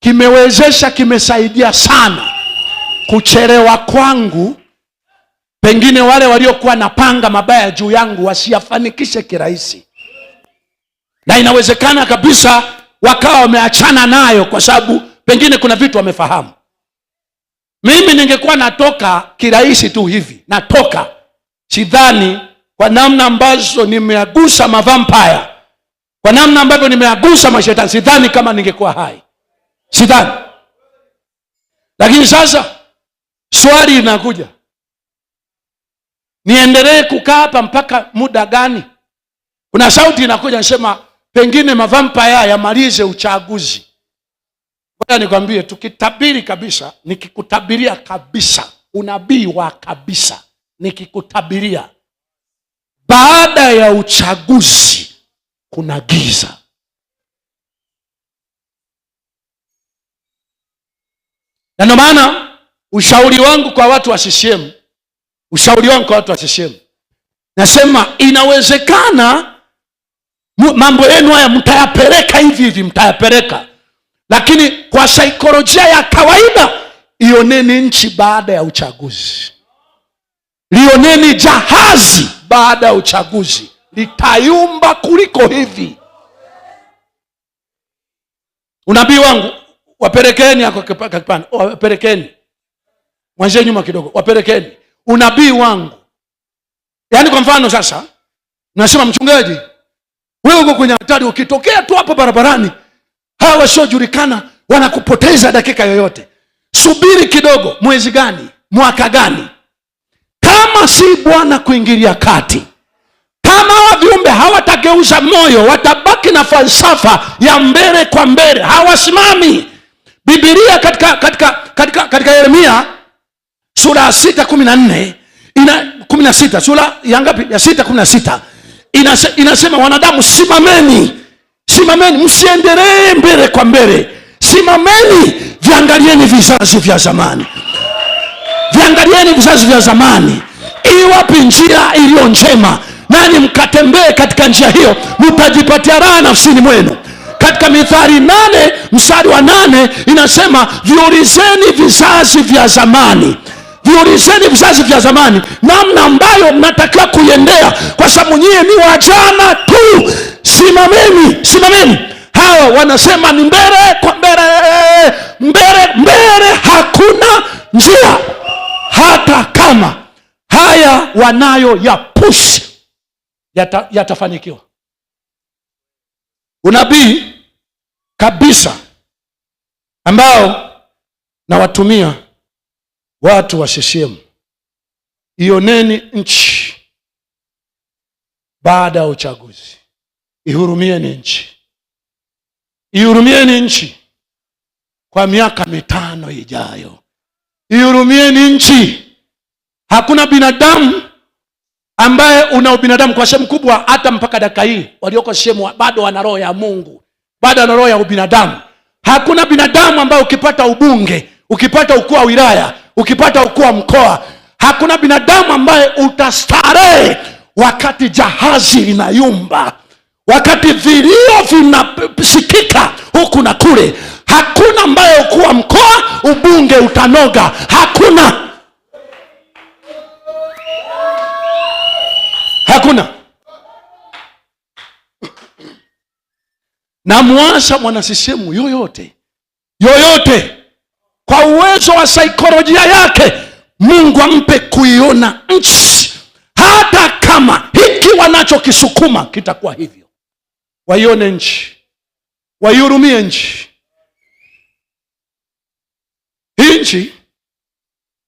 kimewezesha, kimesaidia sana kuchelewa kwangu. Pengine wale waliokuwa na panga mabaya juu yangu wasiyafanikishe kirahisi, na inawezekana kabisa wakawa wameachana nayo, kwa sababu pengine kuna vitu wamefahamu. Mimi ningekuwa natoka kirahisi tu hivi, natoka sidhani, kwa namna ambazo nimeagusa mavampaya, kwa namna ambavyo nimeagusa mashetani, sidhani kama ningekuwa hai shetani lakini sasa swali linakuja niendelee kukaa hapa mpaka muda gani kuna sauti inakuja nisema pengine mavampaya yamalize uchaguzi baya nikwambie tukitabiri kabisa nikikutabiria kabisa unabii wa kabisa nikikutabiria baada ya uchaguzi kuna giza na ndio maana ushauri wangu kwa watu wa CCM, ushauri wangu kwa watu wa CCM nasema inawezekana mambo yenu haya mtayapeleka hivi hivi, mtayapeleka lakini kwa saikolojia ya kawaida ioneni nchi baada ya uchaguzi, lioneni jahazi baada ya uchaguzi litayumba kuliko hivi. Unabii wangu wapelekeni akakipande, wapelekeni mwanzie nyuma kidogo, wapelekeni unabii wangu. Yaani kwa mfano sasa nasema mchungaji, wewe uko kwenye hatari, ukitokea tu hapo barabarani, hawa wasiojulikana wanakupoteza dakika yoyote. Subiri kidogo, mwezi gani? Mwaka gani? Kama si Bwana kuingilia kati, kama hawa viumbe hawatageuza moyo, watabaki na falsafa ya mbele kwa mbele, hawasimami bibilia katika katika katika katika Yeremia sura ya sita kumi na nne ina kumi na sita sura ya ngapi? Ya sita kumi na sita inase, inasema wanadamu, simameni, simameni, msiendelee mbele kwa mbele, simameni, viangalieni vizazi vya zamani, viangalieni vizazi vya zamani, iwapi njia iliyo njema, nani mkatembee katika njia hiyo, mtajipatia raha nafsini mwenu katika mithari nane mstari wa nane inasema viulizeni vizazi vya zamani viulizeni vizazi vya zamani namna ambayo mnatakiwa kuiendea, kwa sababu nyie ni wajana tu. Simameni, simameni. Hawa wanasema ni mbele kwa mbele, mbele, mbele, hakuna njia. Hata kama haya wanayo ya push yatafanikiwa, yata unabii kabisa ambao nawatumia watu wa CCM, ioneni nchi baada ya uchaguzi, ihurumieni nchi, ihurumieni nchi kwa miaka mitano ijayo, ihurumieni nchi. Hakuna binadamu ambaye una ubinadamu kwa sehemu kubwa, hata mpaka dakika hii walioko sehemu bado wana roho ya Mungu, bado wana roho ya ubinadamu. Hakuna binadamu ambaye ukipata ubunge, ukipata ukuu wa wilaya, ukipata ukuu wa mkoa, hakuna binadamu ambaye utastarehe wakati jahazi linayumba, wakati vilio vinasikika huku na kule. Hakuna ambaye ukuu wa mkoa, ubunge utanoga, hakuna Hakuna. na mwana sisemu yoyote yoyote, kwa uwezo wa saikolojia yake, Mungu ampe kuiona nchi, hata kama hiki wanachokisukuma kitakuwa hivyo. Waione nchi, waihurumie nchi. Hii nchi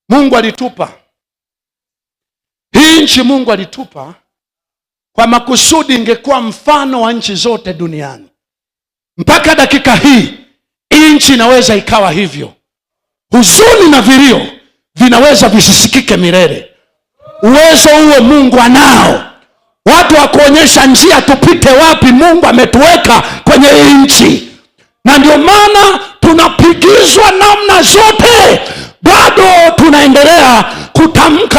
Mungu alitupa, hii nchi Mungu alitupa kwa makusudi ingekuwa mfano wa nchi zote duniani. Mpaka dakika hii nchi inaweza ikawa hivyo. Huzuni na vilio vinaweza visisikike milele. Uwezo huo Mungu anao, watu wa kuonyesha njia tupite wapi. Mungu ametuweka kwenye hii nchi, na ndio maana tunapigizwa namna zote, bado tunaendelea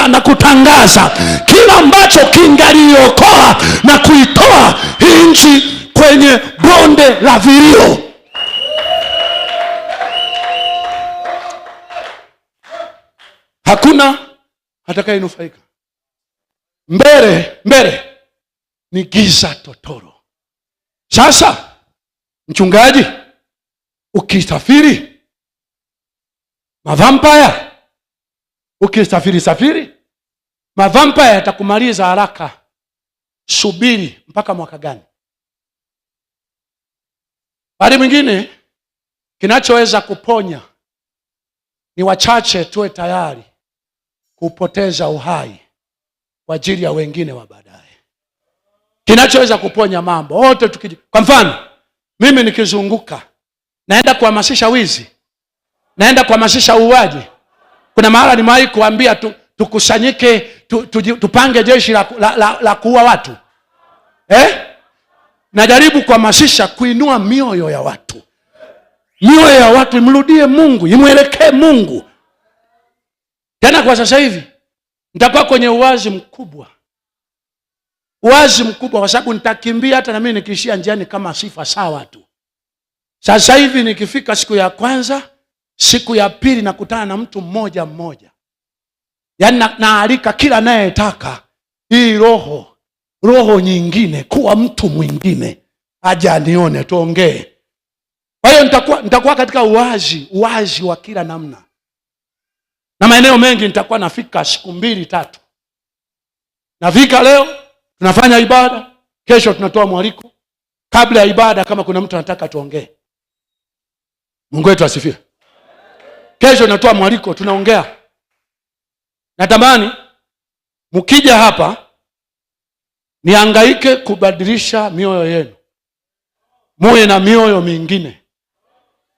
kutamka na kutangaza kila ambacho kingaliokoa na kuitoa hii nchi kwenye bonde la vilio. Hakuna atakayenufaika mbele mbele, ni giza totoro. Sasa mchungaji, ukisafiri mavampaya, ukisafiri safiri Mavampaya yatakumaliza haraka. Subiri mpaka mwaka gani? bari mwingine kinachoweza kuponya ni wachache, tuwe tayari kupoteza uhai kwa ajili ya wengine wa baadaye. Kinachoweza kuponya mambo wote tukiji, kwa mfano mimi nikizunguka naenda kuhamasisha wizi, naenda kuhamasisha uuaji. Kuna mahala nimewahi kuambia tu tukusanyike tu, tu, tupange jeshi la, la, la, la kuua watu eh? Najaribu kuhamasisha kuinua mioyo ya watu, mioyo ya watu imrudie Mungu, imwelekee Mungu. Tena kwa sasa hivi nitakuwa kwenye uwazi mkubwa, uwazi mkubwa, kwa sababu nitakimbia hata nami nikiishia njiani kama sifa sawa tu. Sasa hivi nikifika siku ya kwanza, siku ya pili, nakutana na mtu mmoja mmoja yaani na, naalika kila anayetaka hii roho roho nyingine kuwa mtu mwingine aja anione tuongee. Kwa hiyo nitakuwa, nitakuwa katika uwazi uwazi wa kila namna, na maeneo mengi nitakuwa nafika siku mbili tatu. Nafika leo tunafanya ibada, kesho tunatoa mwaliko. Kabla ya ibada, kama kuna mtu anataka tuongee, Mungu wetu asifie Kesho tunatoa mwaliko, tunaongea Natamani mkija hapa niangaike kubadilisha mioyo yenu, muwe na mioyo mingine.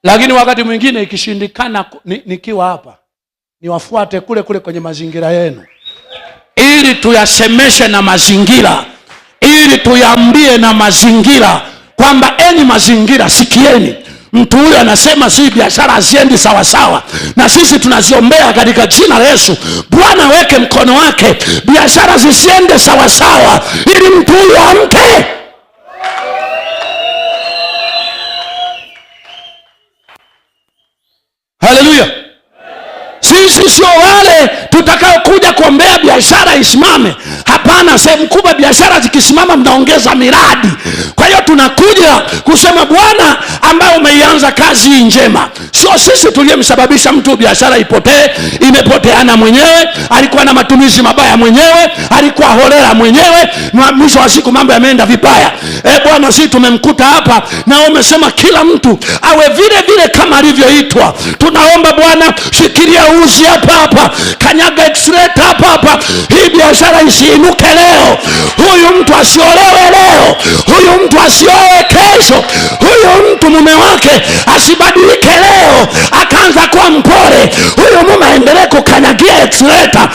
Lakini wakati mwingine ikishindikana, nikiwa hapa niwafuate kule kule kwenye mazingira yenu, ili tuyasemeshe na mazingira, ili tuyambie na mazingira kwamba eni mazingira, sikieni mtu huyo anasema sii biashara haziendi sawasawa na sisi tunaziombea katika jina la yesu bwana aweke mkono wake biashara zisiende sawasawa ili mtu huyo amke haleluya sisi sio wale tutakaokuja kuombea biashara isimame Hapana, sehemu kubwa biashara zikisimama, mnaongeza miradi. Kwa hiyo tunakuja kusema Bwana, ambaye umeianza kazi hii njema, sio sisi tuliyemsababisha mtu biashara ipotee. Imepoteana mwenyewe, alikuwa na matumizi mabaya mwenyewe, alikuwa holela mwenyewe, mwisho wa siku mambo yameenda vibaya. E Bwana, sisi tumemkuta hapa na umesema kila mtu awe vile vile kama alivyoitwa. Tunaomba Bwana, shikiria uzi hapa hapa, kanyaga papa hii biashara isiinuke leo, huyu mtu asiolewe leo, huyu mtu asioe kesho, huyu mtu mume wake asibadilike leo akaanza kuwa mpore, huyu mume aendelee kukanyagia esleta